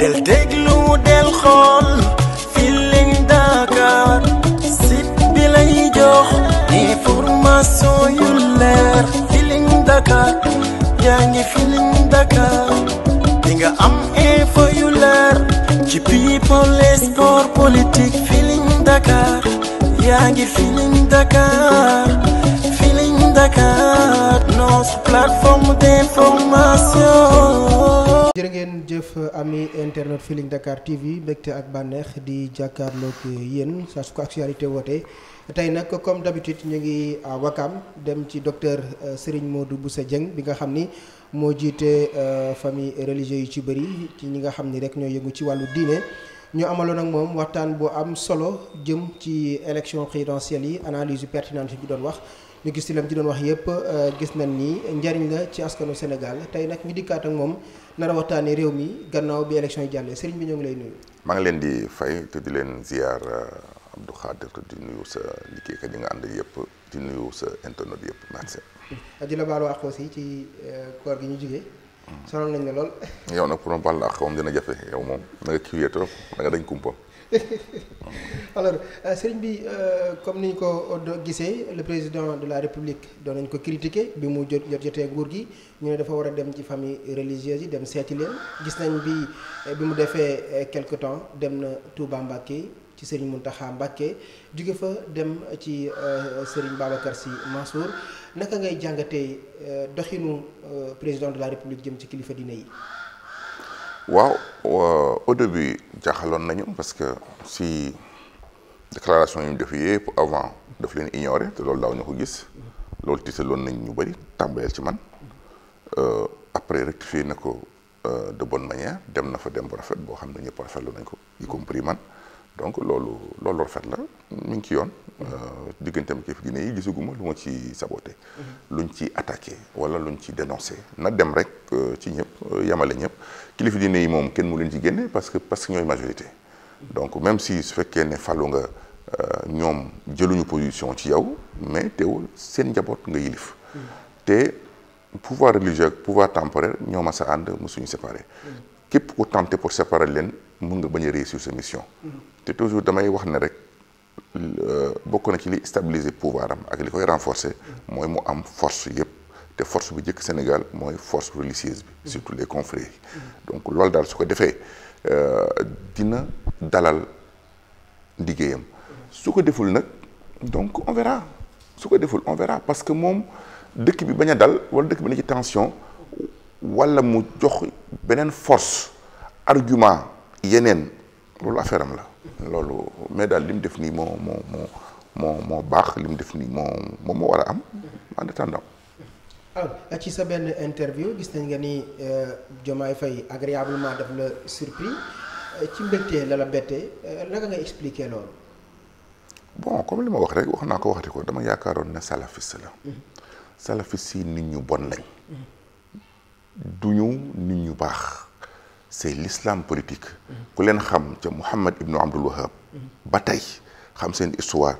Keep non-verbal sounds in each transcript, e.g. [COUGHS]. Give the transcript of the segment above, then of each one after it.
del déglu del xool Feeling Dakar site bi jox information yu leer Feeling Dakar yaa ngi Dakar di am info yu ci people et sport politique Feeling Dakar yaa ngi Dakar Dakar ngeen jëf ami internet Feeling Dakar TV mbégte ak bànneex di jàkkaarloog yéen saa su ko actualité woote tey nag comme d'habitude ñu ngi Wakam dem ci docteur euh, Serigne Modou Boussa Dieng bi nga xam ni moo jiite euh, famille religieuse yi ci bëri ci ñi nga xam ni rek ñoo yëngu ci wàllu diine. ñu amaloon ak moom waxtaan bu am solo jëm ci élection présidentielle yi analyse pertinente bi doon wax. ñu gis ci lam ci doon wax yëpp euh, gis nañ ni njariñ la ci askanu Sénégal tey nag ñu dikkaat ak moom nar a waxtaanee réew mi gannaaw bi élection yi jàllee sëriñ bi ñoo ngi lay nuyu. maa ngi leen di fay te di leen ziar euh, Abdou Khadir di nuyu sa liggéeykat yi ànd yëpp di nuyu sa internet yëpp merci. Mm-hmm. di la baal wax aussi ci euh, koor gi ñu jugee. Mm-hmm. sonal nañ la lool. yow nag pour ma baal la ak moom dina jafe yow moom na nga kiiwee trop da nga dañ kumpa. [LAUGHS] alors euh, sëriñ bi euh, comme ni ñu ko euh, gisee le président de la république doon nañ ko critiquer bi mu jot jotee nguur gi ñu ne dafa war a dem ci famille religieuse yi dem seeti leen gis nañ bi bi mu defee quelque temps dem na Touba Mbacké ci sëriñ Mountakha Mbacké juge fa dem ci sëriñ Babacar Sy Mansour naka ngay jàngatee doxinu président de la république jëm ci kilifa diine yi. waaw au début. jaaxaloon nañu parce que si déclaration yi ñu def yëpp avant daf leen ignoré te loolu daaw ñu ko gis loolu tiitaloon nañ ñu bëri tàmbaleel ci man euh, après rectifié na ko euh, de bonne manière dem na fa dem bu rafet boo xam ne ñëpp rafetlu nañ ko y man donc loolu loolu rafet la mi ngi ci yoon euh, digganteem kii fi Guinée yi gisuguma lu ma ci saboté mhm. luñ ci attaqué wala luñ ci dénoncé na dem rek ci ñëpp yemale ñëpp kilifa diine yi moom kenn mu leen ci génne parce que parce que ñooy majorité donc même si su fekkee ne fàllu nga euh, ñoom jëluñu position ci yow mais teewul seen njaboot nga yilif te pouvoir religieux ak pouvoir temporaire ñoo mas a ànd mosuñu séparé képp ku tenté pour séparer leen mun nga bañ a réussir sa mission te toujours damay wax ne rek euh, bokk na ci li stabiliser pouvoir am ak li koy renforcer mooy mu am force yëpp te force bu njëkk Sénégal mooy force religieuse bi surtout les confréries donc loolu daal su ko defee euh, dina dalal liggéeyam su ko deful nag donc on su ko deful on parce que moom dëkk bi bañ a dal wala dëkk bi na ci tension wala mu jox beneen force argument yeneen loolu affaire am la loolu mais daal li def nii moo moo moo moo moo baax li mu def nii moo moo moo war a am en alors ah, ah, ci sa benn interview gis nañ nga ni euh, Diomaye Faye agréablement daf la surpris euh, ci mbégte la la bette euh, naka nga expliquer loolu. bon comme li ma wax rek wax naa ko waxati ko dama yaakaaroon ne salafiste la. Mhm. salafiste yi nit ñu bon lañ. Mhm. duñu nit ñu baax. c'est l'islam politique. Mhm. ku leen xam ca Mouhamed Ibn Abdul Wahab ba tey xam seen histoire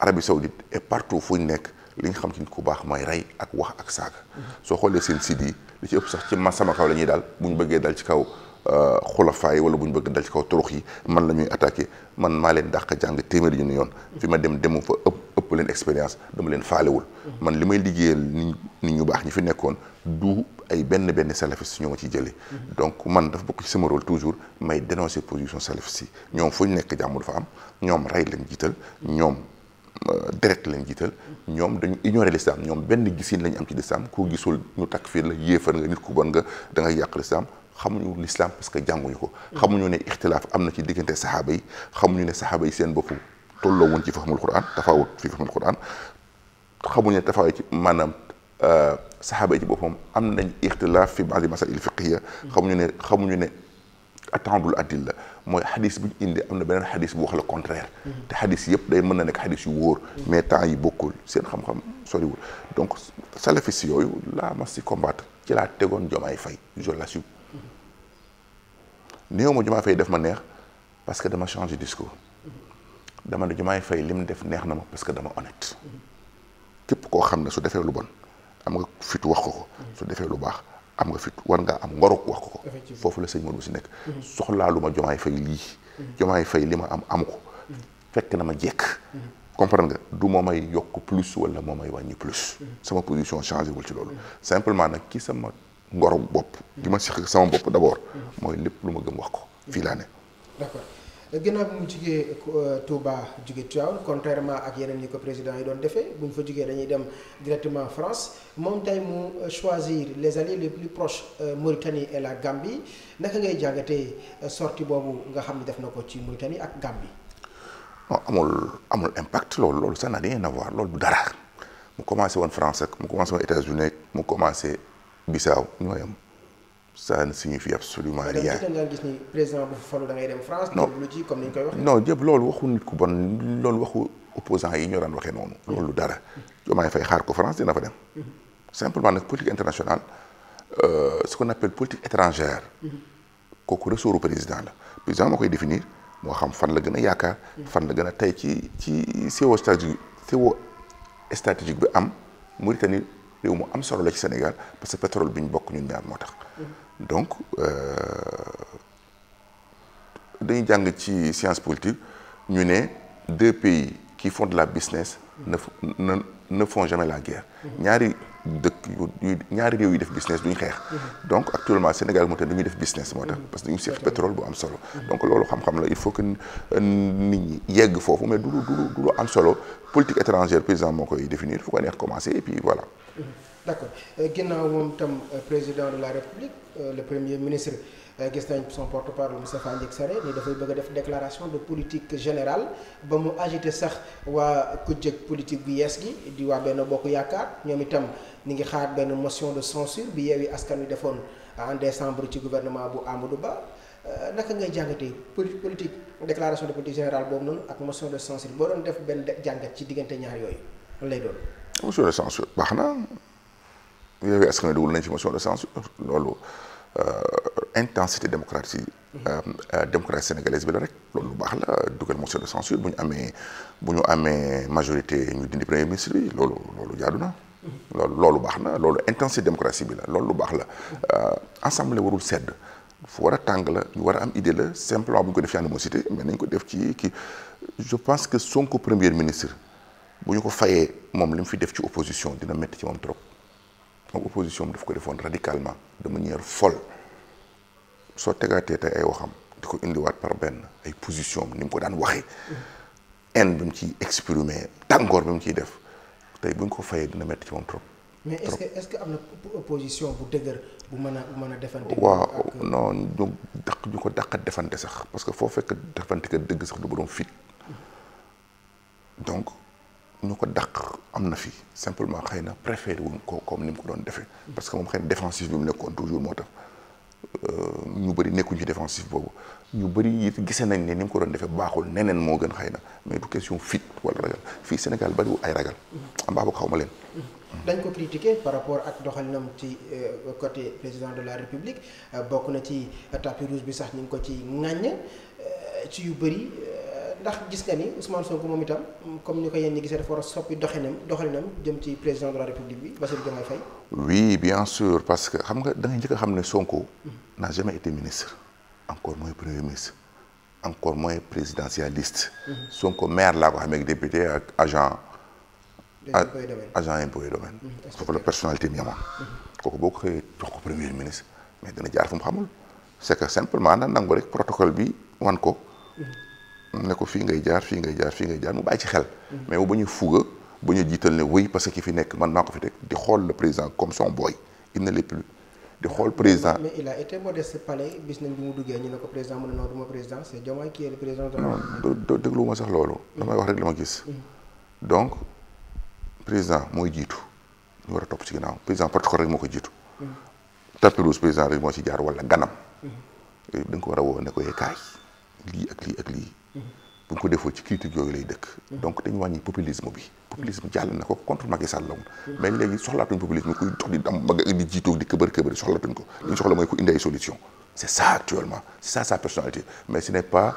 Arabie Saoudite et partout fu ñu nekk. li nga xam ci nit ku baax mooy rey ak wax ak saaga soo xoolee seen sid li ci ëpp sax ci man sama kaw la ñuy daal bu ñu bëggee dal ci kaw euh, xulafaay yi wala bu ñu bëgg dal ci kaw turux yi man la ñuy attaqué man maa leen dàq jàng téeméeri ñu yoon fi ma dem demu fa ëpp ëpp leen expérience dama leen faalewul man li may liggéeyal nit ñu baax ñu fi nekkoon du ay benn benn salafiste ñoo a ci jëlee donc man dafa bokk ci sama rôle toujours may dénoncer position salafiste yi ñoom foo ñu nekk jàmm dafa am ñoom rey lañ jiital ñoom deret lañ jiital ñoom dañu ignoré l'islam ñoom benn gisin lañu am ci l'islam koo gisul ñu takk fiir la yéefar nga nit ku bon nga da nga yàq l'islam xamuñu l'islam parce que jànguñu ko xamuñu ne ixtilaaf am na ci diggante saxaaba yi xamuñu ne saxaaba yi seen bopp tolloo wuñ ci fahmul quran tafawut fi fahmul quran xamuñu ne tafawut ci maanaam euh, saxaaba yi ci boppam am nañ ixtilaaf fi baadi masail fiqhiya xamuñu ne xamuñu ne attendul addil la mooy xadis bu ñu indi am na beneen xadis bu wax le contraire te xadis yëpp day mën na nekk xadis yu wóor mais temps yi bokkul seen xam-xam soriwul donc salafis yooyu laa ma si combattre ci laa tegoon Diomaye Faye je l'assume néew ma Diomaye Faye def ma neex parce que dama changé discours dama ne Diomaye Faye li mu def neex na ma parce que dama honnête képp koo xam ne su defee lu bon am nga fitu wax ko ko su defee lu baax am nga fit war nga am ngoruk wax ko ko foofu la sëñ Modou si nekk mhm. soxlaa lu ma jomaay fay lii mhm. jomaay fay li ma am am ko mhm. fekk na ma jekk comprendre nga du moo may yokk plus wala moom ay wàññi plus sama position changé wul ci loolu simplement nag ki sama ngoruk bopp gi ma siq sama bopp d'abord mooy lépp lu ma gëm wax ko fii laa ne ginnaaw bi mu jugee euh, Touba jugee Tivaouane contrairement ak yeneen yi ko président yi doon defee bu ñu fa jugee dañuy dem directement France moom tey mu choisir les alliés les plus proches euh, Mauritanie et la Gambie naka ngay jàngatee euh, sorti boobu nga xam ne def na ko ci Mauritanie ak Gambie. Oh, amul amul impact loolu loolu ça n'a rien à voir loolu dara mu commencé woon France ak mu commencé woon États-Unis mu commencé Bissau ñooyam ça ne signifie absolument rien. président bu falu da ngay dem France. non comme ni ñu koy waxee. non jëpp loolu waxu nit ku bon loolu waxu opposants yi ñoo daan waxee noonu. loolu dara. Diomaye Faye xaar ko France dina fa dem. simplement nag politique internationale euh, ce qu'on appelle politique étrangère. kooku ressortu président la président moo koy définir moo xam fan la gën a yaakaar. fan la gën a tey ci ci CO e stratégique CO e stratégique bi am Mauritanie réew mu am solo la ci Sénégal parce que pétrole bi ñu bokk ñu ñaar moo tax. donc euh, dañuy jàng ci science politique ñu ne deux pays qui font de la business na ne ne la guerre. ñaari dëkk yu ñaari réew yu def business duñ xeex. donc actuellement Sénégal moo tax du ñuy def business moo tax. parce que dañu seq pétrole bu am solo. donc loolu xam-xam la il faut que nit ñi yegg foofu mais du lu du lu am solo politique étrangère président moo koy définir fu ko neex commencer et puis voilà. d' accord euh, ginnaaw moom tam euh, président de la république euh, le premier ministre. Euh, gis nañ son porte parole Moustapha Ndiek Sarré ni dafay bëgg a def déclaration de politique générale ba mu agité sax waa kujje politique bu yees gi di waa benn bokk yaakaar ñoom itam ñu ngi xaar benn motion de censure bi yeewi askan wi defoon en décembre ci gouvernement bu Amadou Ba euh, naka ngay jàngatee politique déclaration de politique générale boobu noonu ak motion de censure boo doon def benn jàngat ci diggante ñaar yooyu lay doon. motion de censure baax na yeewi askan wi dugul nañ ci motion de censure loolu. Euh, intensité démocratie euh, euh, démocratie sénégalaise bi la rek loolu lu baax la dugal motion de censure bu ñu amee bu ñu amee majorité ñu dindi premier ministre bi loolu loolu jaadu na loolu loolu baax na loolu intensité démocratie bi la loolu lu baax la assemblée warul sedd fu war a tàng la ñu war a am idée la simplement bu ñu ko def ci animosité mais nañ ko def ci kii je pense que Sonko premier ministre bu ñu ko fayee moom li mu fi def ci opposition dina métti ci moom trop moom opposition bi daf ko defoon radicalement de manière folle soo tegaatee tey ay waxam di ko indiwaat par benn ay position bi ni mu ko daan waxee haine bi mu ciy exprimé tàngoor bi mu ciy def tey buñ ko fayee dina metti ci moom trop. mais est-ce que am na opposition bu dëgër bu mën a mën a defante. waaw euh, non ñu daq ñu ko dàqat defante sax parce que foo fekk defante ka dëgg sax du borom fit donc. ñu ko dàq am na fii simplement xëy na préféré wuñ ko comme ni mu ko doon defee. parce que moom xëy na défensif bi mu nekkoon toujours moo tax euh, ñu bëri nekkuñ ci défensif boobu ñu bëri it gisee nañ ne ni mu ko doon defee baaxul neneen moo gën xëy na mais du question fit wala ragal fii Sénégal bariwul ay ragal. am baax xaw ma leen. dañ ko critiqué par rapport ak nam ci euh, côté président de la république euh, bokk na ci tapis rouge bi sax ñu ngi ko ci ŋàññ ci yu bëri. ndax gis nga ni Ousmane Sonko moom itam comme ni ko yéen ñi gisee dafa war a soppi doxalinam doxalinam jëm ci président de la république bi Bassirou Diomaye Faye. oui bien sûr parce que xam nga da nga njëkk a xam ne Sonko. n'a jamais été ministre. encore mooy premier ministre. encore moins présidentialiste. Sonko maire laa ko xamee député ak agent. agent impôt et domaine. Mm-hmm, foofu la personnalité mi amoon. Mm-hmm. kooku boo ko xëyee jox ko premier ministre mais dana jaar fu mu xamul. c' est que simplement na nangu rek protocole bi wan ko. Mm-hmm. ne ko fii ngay jaar fii ngay jaar fii ngay jaar mu bàyyi ci xel. mais ba ñu fuga ba ñu jiital ne oui parce que ki fi nekk man maa ko fi teg di xool le président comme son boy il ne l'est plus di xool président. mais il a été modeste si palais bis nañ bi mu duggee du ma président loolu. damay wax rek li ma gis. Mm. donc président mooy jiitu ñu war a topp ci ginnaaw président protocole rek moo ko jiitu. Mm. tapis président rek moo ci jaar wala ganam. Mm. Eh, da ko war a woo ne ko yee eh, kaay lii ak lii ak lii. bu ñu ko defoo ci critique yooyu lay dëkk donc dañu wàññi populisme bi populisme jàll na ko contre Macky Sall la woon mais léegi soxlaatuñ populisme kuy dox di dam mag di jiitoo di këbër këbër soxlaatuñ ko li ñu soxla mooy solution c'est ça actuellement c'est ça sa personnalité mais ce n'est pas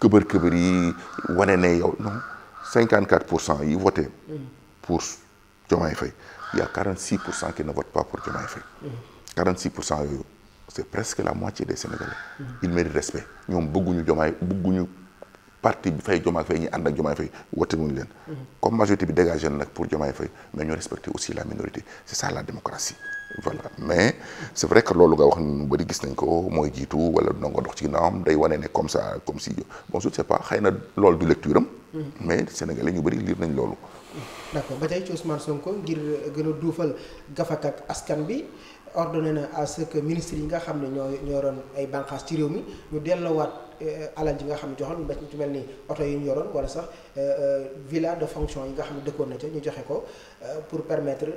këbër këbër yi wane ne yow non 54 pour cent yi voté pour Diomaye Faye il y a pour cent qui ne votent pas pour Diomaye Faye 46 pour cent yooyu c'est presque la moitié des Sénégalais ils méritent respect ñoom bëgguñu Diomaye bëgguñu parti bi fay Diomaye Faye ñi ànd ak Diomaye Faye wote wuñ leen mhm. comme majorité bi dégagé na nag pour Diomaye Faye mais ñu respecter aussi la minorité c'est ça la démocratie voilà mais c'est vrai que loolu nga wax ñu bëri gis nañ ko mooy jiitu wala nangoo dox ci ginnaawam day wane ne comme sa comme si bon je ne sais pas xëy na loolu du lecture mhm. mais sénégalais ñu bëri lire nañ loolu mhm. d'accord ba tey ci Ousmane Sonko ngir gën a duufal gafak ak askan bi ordonné na à ce que yi nga xam ne ñoo ñoo doon ay bànqaas ci réew Eh, alal ji nga xam ne joxoon ba ci mel ni oto yi ñu yoroon wala sax eh, eh, villa de fonction yi nga xam ne dëkkoon na ca ñu joxe ko pour permettre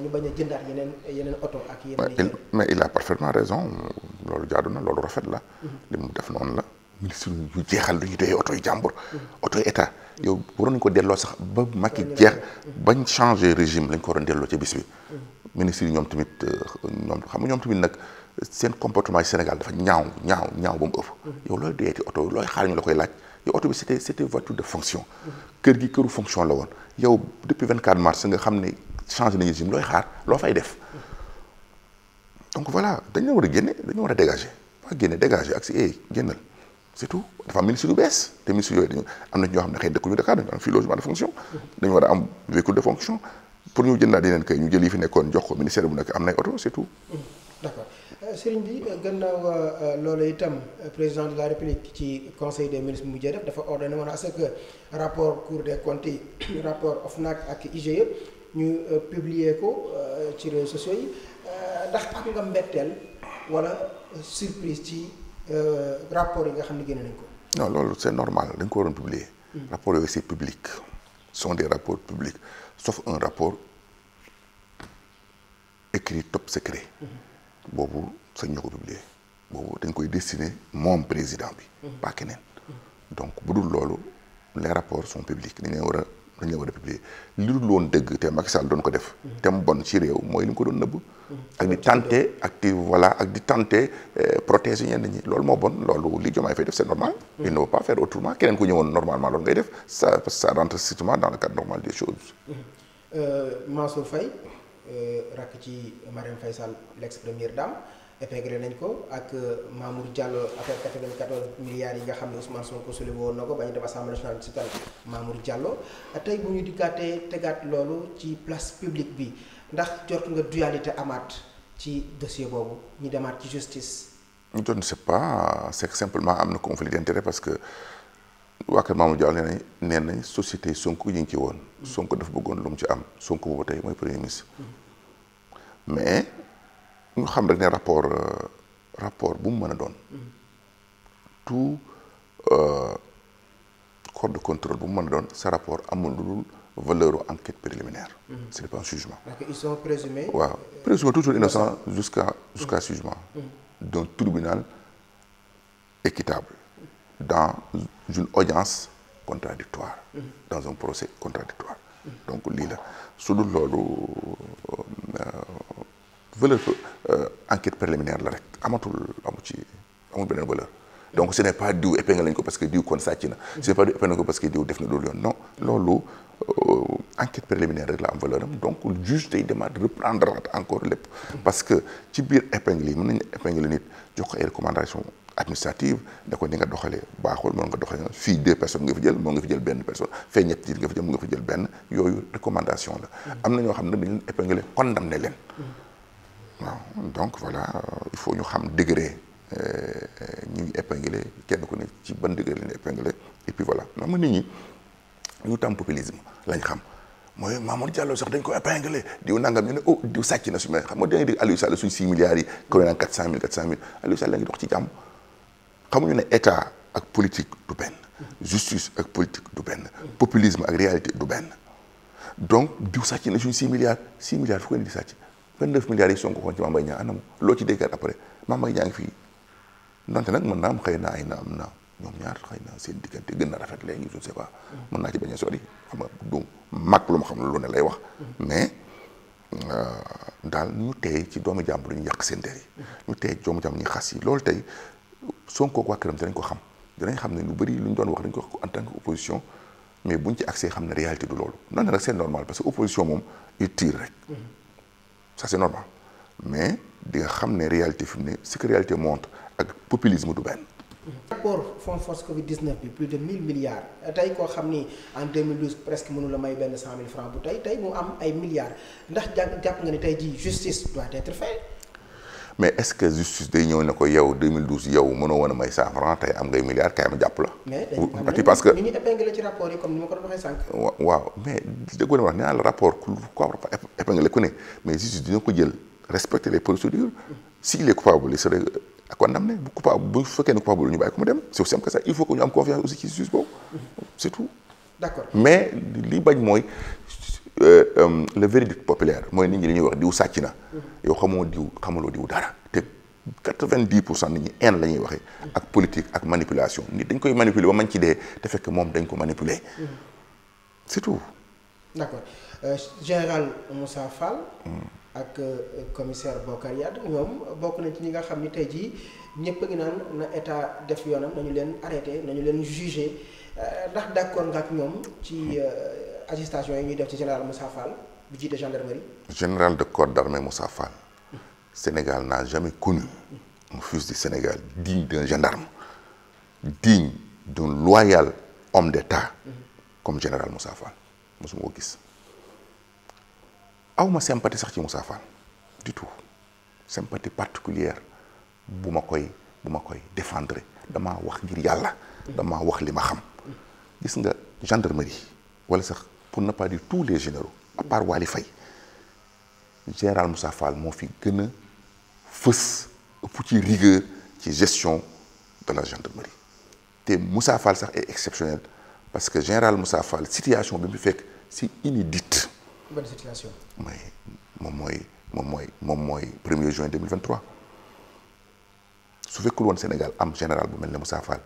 ñu bañ a jëndaat yeneen yeneen oto ak yeneen mais il a parfaitement raison loolu jaadu na loolu rafet la mhm. li mu def noonu la ministre yu jeexal lu ñu doyee oto yu jàmbur oto yu état yow waroon nañu ko delloo sax ba Macky jeex bañ changé régime lañ ko waroon delloo ca bis bi mhm. ministre yi ñoom tamit euh, ñoom xam ñoom tamit nag seen comportement yi Sénégal dafa ñaaw ñaaw ñaaw ba mu ëpp. Mm-hmm. yow looy deeti oto looy xaar ñu la koy laaj yow oto bi c'était c'était voiture de fonction. Mm-hmm. kër gi këru fonction la woon yow depuis 24 mars nga xam ne changé nañu régime looy xaar loo fay def. Mm-hmm. donc voilà dañu la war a génne dañu war a dégager waa génne dégager ak si eh génnal c'est dafa am ministre yu bees te ministre yooyu dañu am na ñoo xam ne xëy dëkk yu Dakar dañu am fii war a am véhicule de fonction pour ñu jëndaat yeneen kay ñu jël yi fi nekkoon jox ko ministère bu nekk am nay oto c'est tout. d'accord. Euh, sëriñ bi euh, a euh, loolu itam président de la république ci conseil des ministres mu mujjee dafa ordonné woon à ce que rapport cour des comptes yi [COUGHS] rapport OFNAC ak IGE ñu publier ko ci réseaux sociaux yi ndax am nga mbetteel wala surprise ci rapport yi nga xam ne génne nañ ko. non loolu c'est normal dañ ko waroon publier. Hmm. rapport yooyu c'est public. Ce sont des rapports publics sauf un rapport écrit top secret. Hmm. boobu sañ ñoo ko publier boobu dañ koy destiné moom président bi. Mhm. pas keneen mhm. donc bu dul loolu les rapports sont publics dañ leen war a dañ leen war a publier li dul woon dëgg te Macky Sall doon ko def. Mhm. te mu bon ci réew mooy li mu ko doon nëbb. ak di tenté ak di voilà ak di tenté euh, protéger ñenn ñi loolu moo bon loolu li Diomaye Faye def c'est normal. il ne peut pas faire autrement keneen ku ñëwoon normalement loolu ngay def ça parce que ça rentre strictement dans le cadre normal des Euh, rakk ci Marème Faye Sall l'ex première dame épinglé nañ ko ak euh, Mamour Diallo affaire 94 milliards yi nga xam ne Ousmane Sonko soulevé woon na ko ba ñu dem assemblée nationale si tal Mamour Diallo tey bu ñu dikkaatee tegaat loolu ci place publique bi ndax jot nga dualité amaat ci dossier boobu ñu demaat ci justice. ñu ne sais pas c'est simplement am na conflit parce que. waa kër Mamadou Diallo nee nañ société Sonko yi ñu ngi ci woon. Sonko dafa bëggoon lu mu ci am Sonko boobu tey mooy premier ministre. mais ñu xam rek ne rapport rapport bu mu mën a doon. tout euh, corps de contrôle bu mu mën doon sa rapport amul lu dul valeur enquête préliminaire. Mm-hmm. c'est pas un jugement. parce qu'ils sont présumés. waaw présumés toujours innocents jusqu'à jusqu'à mm-hmm. jugement. d'un équitable. dans une audience contradictoire dans un procès contradictoire donc lii la su dul loolu euh, valeur euh, enquête préliminaire la rek amatul amu ci amul beneen valeur donc ce n'est pas diw épingle ko parce que diw kon sàcc na ce pas diw épingle ko parce que diw def na loolu yoon non loolu Euh, enquête préliminaire rek la am valeur am donc juge day demaat reprendre waat encore lépp parce que ci biir épingle yi mën nañu épingle nit jox ko ay recommandation administrative ne ko ni nga doxalee baaxul moom nga doxalee fii deux personnes nga fi jël nga fi benn personne fee ñett nga fi jël nga fi benn yooyu recommandation la am na ñoo xam ne dañ leen épinglé condamné leen donc voilà il faut ñu xam degré euh, ñu ngi kenn ku ne ci ban lañ xam mooy Mamour Diallo sax dañ ko épinglé diw nangam ñu ne oh diw sàcc na su ma xam nga da ngay dégg Aliou Sall suñ 6 milliards yi koy naan 400000 400000 Aliou Sall la ngi dox ci jàmm xamuñu ne état ak politique du benn justice ak politique du benn populisme ak réalité du benn donc diw sàcc na suñ 6 milliards 6 milliards fu ko ni di sàcc 29 milliards yi Sonko xoon ci Mame Mbaye Niang anamu loo ci déggaat après Mame Mbaye Niang ngi fii donte nag mën naa am xëy na ay na am na ñoom ñaar xëy na seen diggante gën na rafet léegi je ne sais pas. mën naa ci bañ a sori xam nga du mag lu ma xam lu ne lay wax. mais euh, daal ñu tey ci doomu jàmbur ñu yàq seen der yi. ñu tey doomu jàmbur ñu xas yi loolu tey Sonko waa këram dinañ ko xam dinañ xam ne lu bëri lu ñu doon wax dañ ko wax en tant que opposition mais buñ ci accès xam ne réalité du loolu. non non nag c'est normal parce que opposition moom il tire rek. ça c'est normal mais di nga xam ne réalité fi mu ne ce que ak populisme du benn. rapport fonds force Covid 19 bi plus de 1000 milliards tey koo xam ni en 2012 presque mënu la may benn 100000 francs bu tey tey mu am ay milliards ndax jàpp nga ni tey jii justice doit être faite. mais est-ce que justice day ñëw ne ko yow 2012 yow mënoo woon a may 100 francs tey am ngay milliards kay ma jàpp la. mais parce que ñu épinglé ci rapport yi comme ni ma ko doon waxee wa waaw mais déggoo na wax nee naa la rapport ku ko épinglé ku ne mais justice dina ko jël respecter les procédures. s'il est ak condamné bu coupable bu fekkee ne coupable ñu bàyyi ko mu dem c'est aussi am que ça il faut que ñu am confiance aussi ci juge boobu c'est d'accord mais li bañ mooy euh, euh, le verdict populaire mooy nit ñi li ñuy wax diw sàcc na. yow xamoo diw xamaloo diw dara te quatre-vingt-dix pour cent nit ñi haine la ñuy waxee. ak politique ak manipulation nit dañ koy manipuler ba mañ ci dee te fekk moom dañ ko manipuler. Mm-hmm. c'est tout. d'accord euh, général Moussa Fall. Mm. ak euh, commissaire Bokar Yade ñoom bokk nañ ci ñi nga xam ni tey jii ñëpp a ngi naan na état def yoonam nañu leen arrêté nañu leen jugé euh, ndax d'accord nga ak ñoom ci euh, agitation yi ñuy def ci général Moussa Fall bu jiite gendarmerie. général de corps d'armée Moussa Fall Sénégal n'a jamais connu un fils du Sénégal digne d'un gendarme digne d'un loyal homme d'État mm-hmm. comme général Moussa Fall mosuma ko gis. aw ma sympathie sax ci Moussa Fall du tout sympathie particulière bu ma koy bu ma koy défendre damaa wax ngir yàlla. dama wax li ma xam. gis nga gendarmerie wala sax pour nappa pas tous les généraux à part Wali Faye général Moussa moo fi gën a fës ëpp ci rigueur ci gestion de la gendarmerie te Moussa Fall sax est exceptionnel parce que général Moussa Fall situation bi mu fekk c'est inédite. benn situation. mais moom mooy moom mooy moom mooy premier juin su fekkul woon Sénégal am général bu mel ni Moussa Fall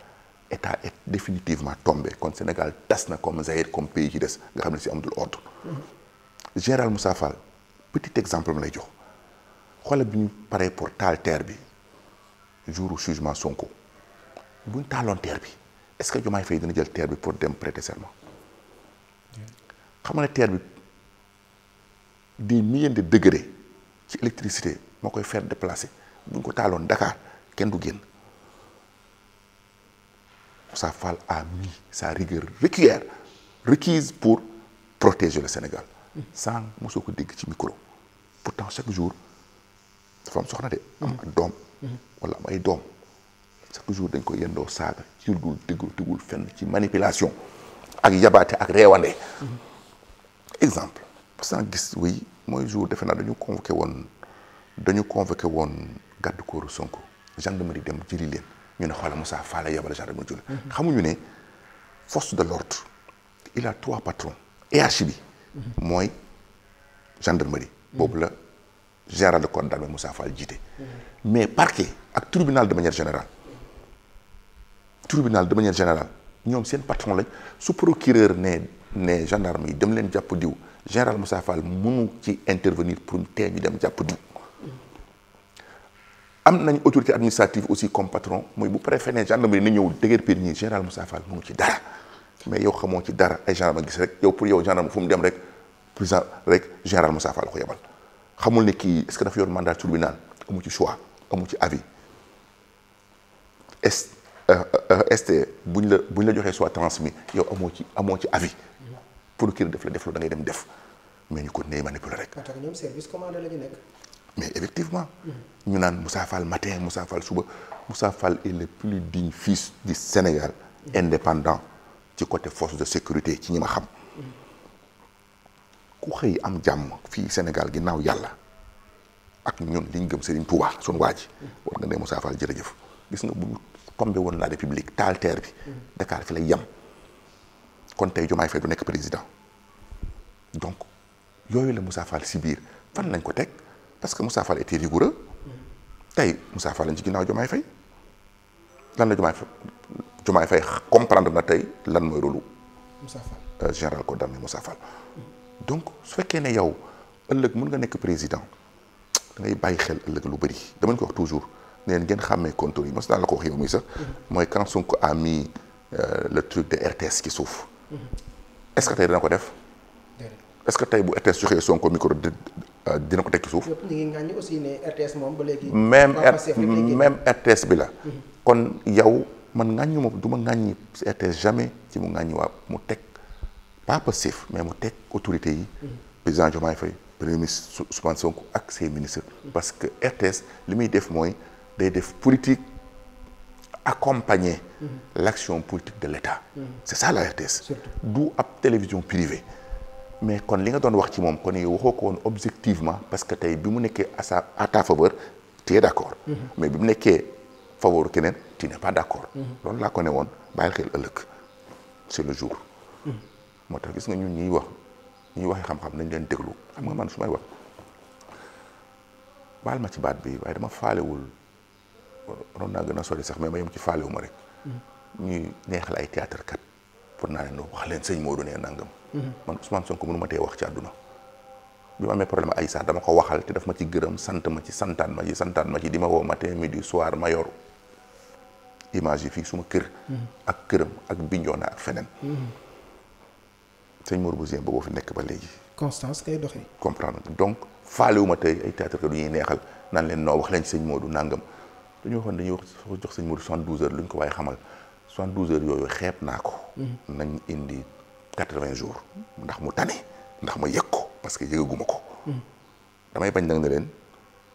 état est définitivement tombé kon Sénégal tas na comme Zaïre comme pays ci des nga xam ne si am amatul ordre. Mm-hmm. général Moussa Fall petit exemple ma lay jox xoolal bi ñu paree pour taal terre bi jour jugement Sonko bu ñu taaloon terre bi est-ce que Diomaye Faye dina jël terre bi pour dem prêter serment xam nga ne terre bi. des milliers de degrés ci électricité moo koy fair déplacer bu ñu ko taaloon Dakar kenn du génn Moussa Fall a mis sa rigueur requise pour protéger le Sénégal sans mosoo ko dégg ci micro pourtant chaque jour dafa am soxna de am doom wala am ay doom chaque jour dañ koy yendoo saaga ci dul dégul tegul fenn ci manipulation ak yabaate ak reewande exemple sans gis oui mooy jour defe naa dañu convoqué woon dañu convoqué woon garde corps Sonko gendarmerie dem jëli ñu ne xoola Moussa Fall yebal gendarmerie jëli mhm. xamuñu ne force de l'ordre il bi mhm. mooy gendarmerie mhm. boobu la général de corps d'armée Moussa Fall jiite mais parquet ak tribunal de manière générale tribunal de manière ñoom seen patron lañ su procureur ne gendarme yi dem leen jàpp diw général Moussa Fall ci intervenir pour tee ñu dem jàpp diw am nañ autorité administrative aussi comme patron mooy bu paree ne gendarmerie na ñëw dëgër piir ñi général Moussa Fall mënu ci dara mais yow xamoo ci dara ay gendarme gis rek yow pour yow gendarme fu mu dem rek président rek général Moussa Fall yebal xamul ne kii est-ce que dafa yor mandat tribunal amu ci choix amu ci avis ST euh, euh, euh, bu ñu la buñ ñu la joxee soit transmis yow amoo ci amoo ci avis procureur def la def lu da ngay dem def mais ñu ko nee manipuler rek. moo tax ñoom service commandé mais effectivement. Mm-hmm. ñu naan Moussa Fall matin Moussa Fall suba Moussa Fall est le plus digne fils du Sénégal mm-hmm. indépendant ci côté force de sécurité ci ñi ma xam. Mm-hmm. ku xëy am jàmm fii Sénégal ginnaaw yàlla ak ñun liñ gëm Serigne Touba suñu waa ji. war nga ne Moussa Fall jërëjëf gis nga bu tombé woon la république taal terre bi. Dakar fi lay yem. kon tey jomaay Faye du nekk président donc yooyu la Moussa Fall si biir fan lañ ko teg parce que Moussa Fall était rigoureux tey Moussa Fall si ci ginnaaw Diomaye Faye lan la Diomaye Faye Diomaye Faye comprendre na tey lan mooy rôle Moussa Fall euh, général ko dammi Moussa Fall donc su fekkee ne yow ëllëg mun nga nekk président da ngay bàyyi xel ëllëg lu bëri damañ ko wax toujours neen ngeen xàmmee contours yi mos naa la ko wax yow sax mm-hmm. mooy quand Sonko a mis euh, le truc de RTS ci suuf est-ce que tey dina ko def. est que tey bu RTS joxee Sonko micro euh, dina ko tekki suuf. aussi ne RTS moom ba léegi. même même RTS bi la. Mhm. kon yow man ŋàññi moom du ma ŋàññi si RTS jamais ci mu ŋàññi waa mu teg pas passif mais mu teg autorité yi. Mhm. président Diomaye Faye premier ministre Ousmane Sonko ak ses ministres. Mhm. parce que RTS li muy def mooy day def politique. accompagner l'action politique de l'État c'est ça la RTS du ab télévision privée mais kon li nga doon wax ci moom kon yow waxoo ko woon objectivement parce que tey bi mu nekkee à sa à ta faveur d'accord mm-hmm. mais bi mu nekkee faveur keneen tu n'es pas d'accord mm-hmm. loolu laa ko ne woon bàyyil xel ëllëg c'est le jour mm-hmm. moo tax gis nga ñun ñuy wax ñuy waxee xam-xam nañ leen déglu xam nga man su may wax baal ma ci baat bi waaye dama faalewul waroon naa gën a sori sax mais ma yem ci faalewu ma rek. ñuy neexal ay théâtre kat pour naa leen wax leen sëñ Modou nee nangam. man Ousmane Sonko mënu ma tee wax ci àdduna. bi ma amee problème ay sax dama ko waxal te daf ma ci gërëm sant ma ci santaan ma ci santaan ma ci di woo matin midi soir ma yor yi fii suma kër. ak ak Bignona ak feneen. sëñ Modou Bousso boobu fi nekk ba léegi. constance kay doxee. comprendre donc faalewu ay théâtre kat ñuy neexal naan leen noo wax leen sëñ Modou nangam. dañu waxoon dañuy wax soo jox sëñ Modou soixante-douze heures lu ñu ko waaye xamal soixante-douze heures yooyu xeeb naa ko mm-hmm. nañ indi quatre-vingts jours ndax mu tane ndax ma yëg ko parce que yëgaguma ko mm-hmm. damay bañ nag ne leen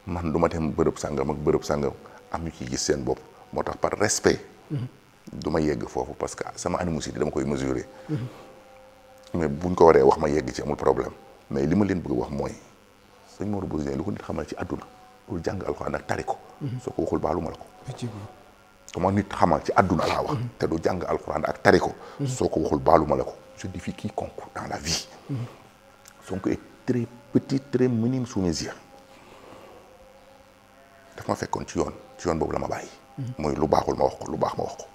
man du ma dem bërëb sàngam ak bërëb sàngam am ñu ciy gis seen bopp moo tax par respect mm-hmm. du ma yegg foofu parce que sama animosité dama koy mesurer mais buñ ko waree wax ma yegg ci amul problème mais li ma leen bëgg wax mooy sëñ Mor Bousso Dieng lu ko nit xamal ci àdduna pour jàng alxuraan ak tari ko soo ko waxul baalu ma la ko comment nit xama ci àdduna laa wax mhm. te du jàng alxuraan ak tari ko mhm. soo ko waxul baalu la ko je défie quiconque dans la vie mhm. Sonko est très petit très minime fekkoon ci yoon ci yoon boobu la ma mooy lu baaxul ma wax ko lu baax ma wax ko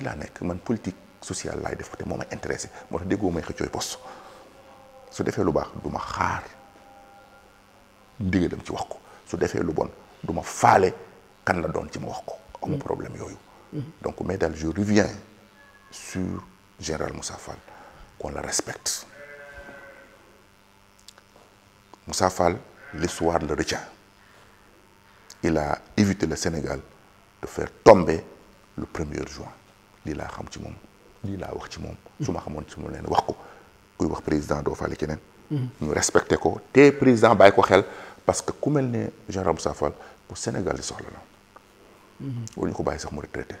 nekk man politique sociale laay def te moo intéressé moo tax may xëccooy poste su defee lu baax du ma xaar ndigalam ci wax ko su defee lu bon du ma faale kan la doon ci ma wax ko amu problème yooyu donc mais daal je reviens sur général Moussa Fall qu'on la respecte Moussa Fall l'histoire le retient il a évité le Sénégal de faire tomber lu premier juin lii laa xam ci moom lii laa wax ci moom su ma xamoon ci moom leen wax ko kuy wax président doo faale keneen ñu respecté ko te président bàyyi ko xel parce que ku mel ne général Moussa Fall pour Sénégal di soxla la waruñu ko bàyyi sax mu retraité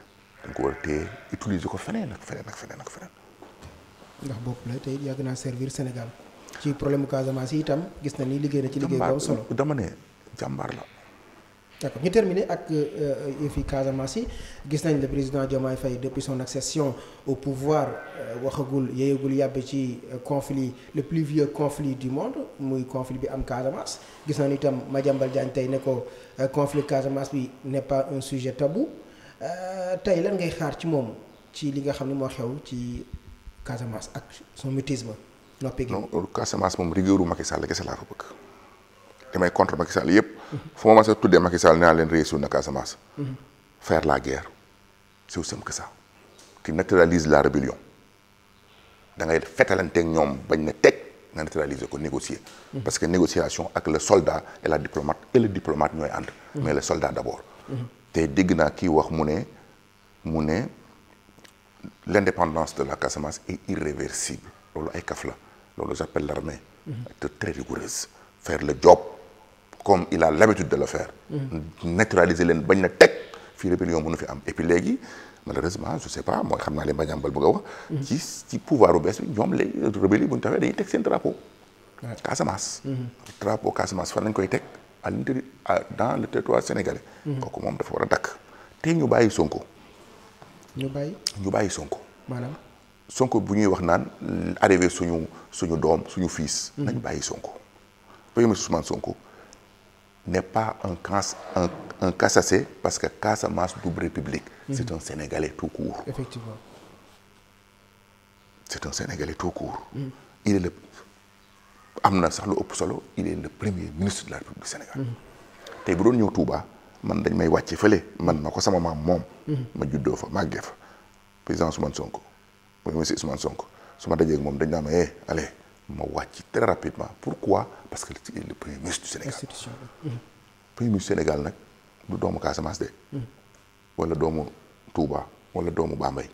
dañ ko war a utiliser ko feneen ak feneen ak feneen ak ndax bopp la tey yàgg naa servir Sénégal ci problème Casamance yi itam gis na ni liggéey na ci liggéey bu am solo dama ne jàmbaar la d'accord ñu terminer ak euh, yëfi Casamance yi gis nañ le président Diomaye Faye depuis son accession au pouvoir euh, waxagul yeyagul yàbb ci euh, conflit le plus vieux conflit du monde muy conflit bi am Casamance gis nañ itam Madiambal Diagne tey ne ko conflit Casamance bi ne pas un sujet tabou tey lan ngay xaar ci moom ci li nga xam ne moo xew ci Casamance ak son mutisme noppi gi. non loolu Casamance moom rigueur u Macky Sall kese laa fa bëgg damay contre Macky yëpp. fu ma mas a tuddee Macky Sall nee naa leen réussir na Casamance. faire la guerre c'est aussi simple que ça te naturalise la rébellion da ngay ñoom bañ na teg nga naturaliser ko négocier. parce que négociation ak le soldat et la diplomate et le diplomate ñooy ànd. mais le soldat d'abord. te dégg naa kii wax mu ne mu ne l'indépendance de la Casamance est irréversible loolu ay kaf la loolu j'appelle l'armée. très rigoureuse faire le job. comme il a l'habitude de le faire naturaliser leen bañ na teg fii rébellion mënu fi am et puis léegi malheureusement je sais pas mooy xam naa leen bañ a ambal bëgg a wax ci ci pouvoir bu bees bi ñoom léegi rébellion bu ñu tawee dañuy teg seen drapeau Casamance mm-hmm. drapeau Casamance fan lañ koy teg à l'intérieur dans le territoire sénégalais mm-hmm. kooku moom dafa war a dakk te ñu bàyyi Sonko ñu bàyyi ñu bàyyi Sonko maanaam Sonko bu ñuy wax naan arrivé suñu suñu doom suñu fiis mm-hmm. nañu bàyyi Sonko premier Sonko n'est pas un, un, un Kassassé parce que Casamance double république. Mm -hmm. C'est un Sénégalais tout court. Effectivement. C'est mhm. Il est le am na sax lu ëpp solo il est le premier ministre de la République du Sénégal. Mhm. tey bu doon ñëw Touba man dañ may wàcce fële man ma ko sama maam moom. Mhm. ma juddoo fa màggee fa président Ousmane Sonko premier ministre Sonko su ma dajee moom dañ naan ma eh ma wàcc très rapidement pourquoi parce que le premier ministre du Sénégal. Mm-hmm. premier Sénégal nag du doomu Casamance mm-hmm. wala doomu Touba wala doomu Bambey.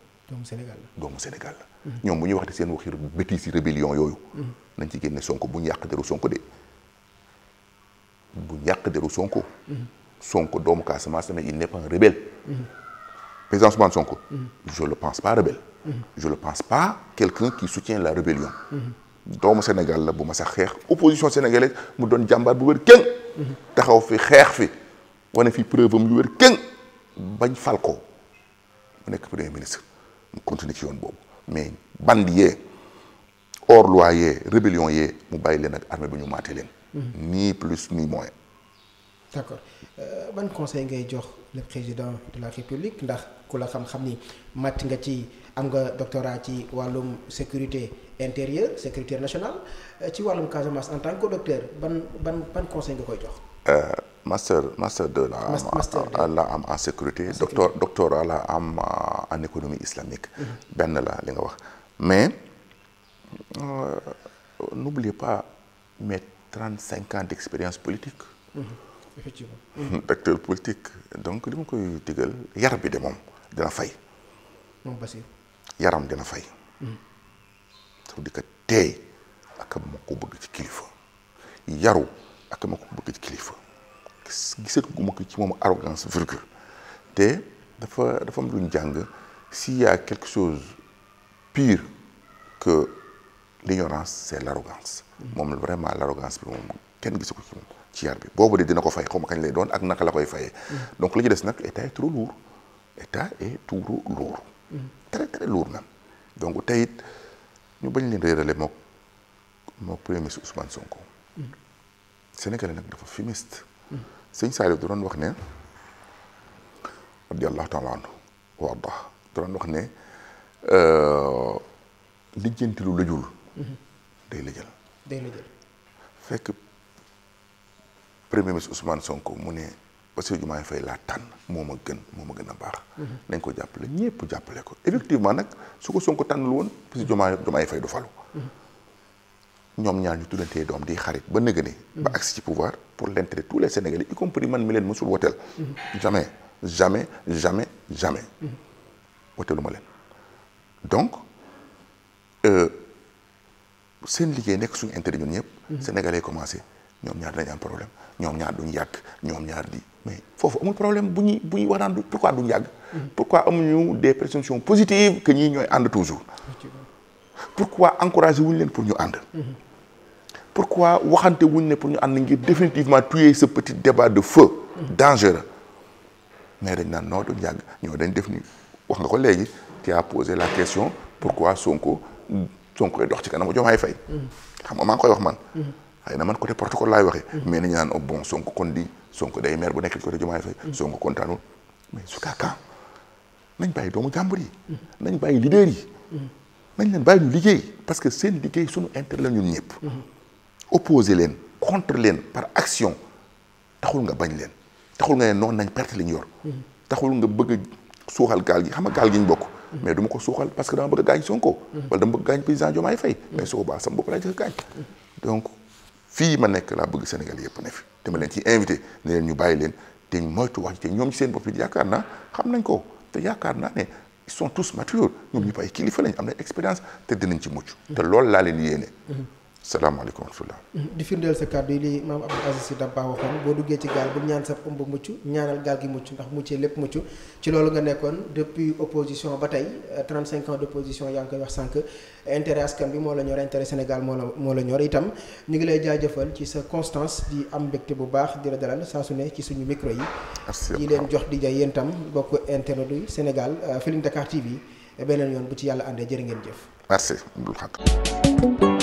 Sénégal la doomu mm-hmm. ñoom bu ñuy wax de seen waxi bétis rébellion yooyu. nañ ci génne bu ñu yàq deru Sonko de. bu ñu doomu Casamance mais un rebelle. président Ousmane Sonko. je le pense pas rebelle. je le pense pas quelqu'un qui soutient la rébellion. doomu Sénégal la bu ma sax xeex opposition sénégalaise mu doon jàmbaar bu wér keng taxaw fi xeex fi wane fi preuve am yu wér keng bañ fal ko mu nekk premier ministre mu continuer ci yoon boobu mais band yee hors loi yee rébellion yee mu bàyyi leen ak armée bi ñu maate leen ni plus ni moins d'accord euh, ban conseil ngay jox le président de la république ndax ku la xam-xam ni màtt nga ci am nga doctorat ci wàllum sécurité intérieure sécurité national euh, ci wàllum Casamance en tant que docteur ban ban ban conseil nga koy jox. Euh, master master de la am la am en sécurité. docteur doctorat la am euh, en économie islamique. Mhm. benn la li nga wax mais n'oubliez pas trente 35 ans d'expérience politique. Mhm. effectivement. acteur mhm. politique donc li ma koy digal yar bi de moom dina fay. yaram dina fay soo di ko teey ak ma ko bëgg ci kilifa yaru ak ma ko bëgg ci kilifa gisatu gu ma ko ci moom arrogance virgule te dafa dafa am luñ jàng si y a quelque chose pire que l'ignorance c'est l'arrogance moom vraiment l'arrogance bi moom kenn gisu ko ci yar bi boobu de dina ko fay xaw ma kañ lay doon ak naka la koy fayee mm. donc li ci des nag état est trop lourd état est trop lourd très très lourd même donc tey it ñu bañ leen réerale mook mook premier ministre Ousmane Sonko. Sénégalais wax ne radiyallahu taala anhu wa arda da doon wax ne euh, lijjanti Sonko mu ne. Bassirou Diomaye Faye laa tànn moo ma gën moom ma gën a baax. nañ ko jàppale ñëpp jàppale ko effectivement nag su ko ko tànnul woon parce que Diomaye Diomaye Faye du falu. ñoom ñaar ñu tuddantee doom di xarit ba nëgëni. ba agsi ci pouvoir pour l'intérêt tous les Sénégalais y compris man mi leen mosul woteel. jamais jamais jamais jamais. ma leen donc euh, seen liggéey nekk suñu intérêt ñun ñëpp. Sénégalais commencé. ñoom ñaar dañu am problème ñoom ñaar duñ yàgg ñoom ñaar di mais foofu amul problème bu ñuy bu ñuy waxtaan du pourquoi duñ yàgg. Mm-hmm. pourquoi amuñu des présomptions positives que ñii ñooy ànd toujours. pourquoi encouragé wuñ leen pour ñu ànd. Mm-hmm. pourquoi waxante wuñ ne pour ñu ànd ngir définitivement tuer ce petit débat de feu. Mm-hmm. dangereux mais dañ naan noo duñ yàgg ñoo dañ def ni wax nga ko léegi tu a posé la question pourquoi Sonko Sonko dox ci kanamu Diomaye Faye. xam nga maa ngi koy wax man. ay na man côté protocole laay waxee. mais nañu naan oh bon Sonko kon di Sonko day maire bu nekk mm. nañ bàyyi doomu jàmbur yi. nañ bàyyi leader yi. Mm. leen bàyyi ñu liggéey que seen liggéey suñu intérêt la ñun ñëpp. Mm-hmm. opposé leen contre leen par action taxul nga bañ leen taxul nga ne noonu nañ li ñu yor. Mm-hmm. taxul nga bëgg a suuxal gaal gi xam nga gaal gi ñu bokk. Mm-hmm. mais du ma ko suuxal parce que dama bëgg a gaañ Sonko. wala dama bëgg gaañ président Diomaye Faye. mais su boobaa fii ma nekk laa bëgg Sénégal yëpp ne fi dama leen ci invité ne leen ñu bàyyi leen te moytu wax te ñoom seen bopp it yaakaar naa xam nañ ko te yaakaar naa ne ils sont tous matures ñoom ñu bàyyi kilifa lañ am na expérience te dinañ ci mucc mm-hmm. te loolu laa leen yéene mm-hmm. salaamaaleykum wa rahmatulah. di firndeel sa kàddu yi li maam Abdou Aziz Sy waxoon boo duggee ci gaal bu ñaan sa ëmb mucc ñaanal gaal gi mucc ndax muccee lépp mucc ci loolu nga nekkoon depuis opposition ba tey 35 euh, ans d' opposition yaa ngi koy wax sànq intérêt askan bi moo la ñor intérêt Sénégal moo la moo la ñor itam ñu ngi lay jaajëfal ci sa constance di am mbégte bu baax di la dalal saa su ne ci suñu micro yi. yi leen jox di jaay yéen itam bokk internet du Sénégal euh, Feeling Dakar TV beneen yoon bu ci yàlla àndee jërë ngeen jëf. merci.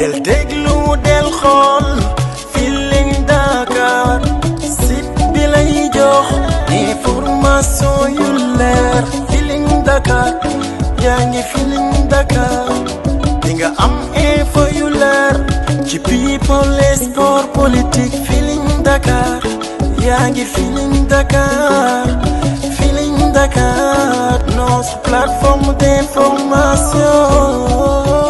del déglu del xool Feeling Dakar site bi lay jox information yu leer Feeling Dakar yaa ngi Feeling Dakar di nga am info yu leer ci people et sport politique Feeling Dakar yaa ngi Feeling Dakar Feeling Dakar nos plateforme d'information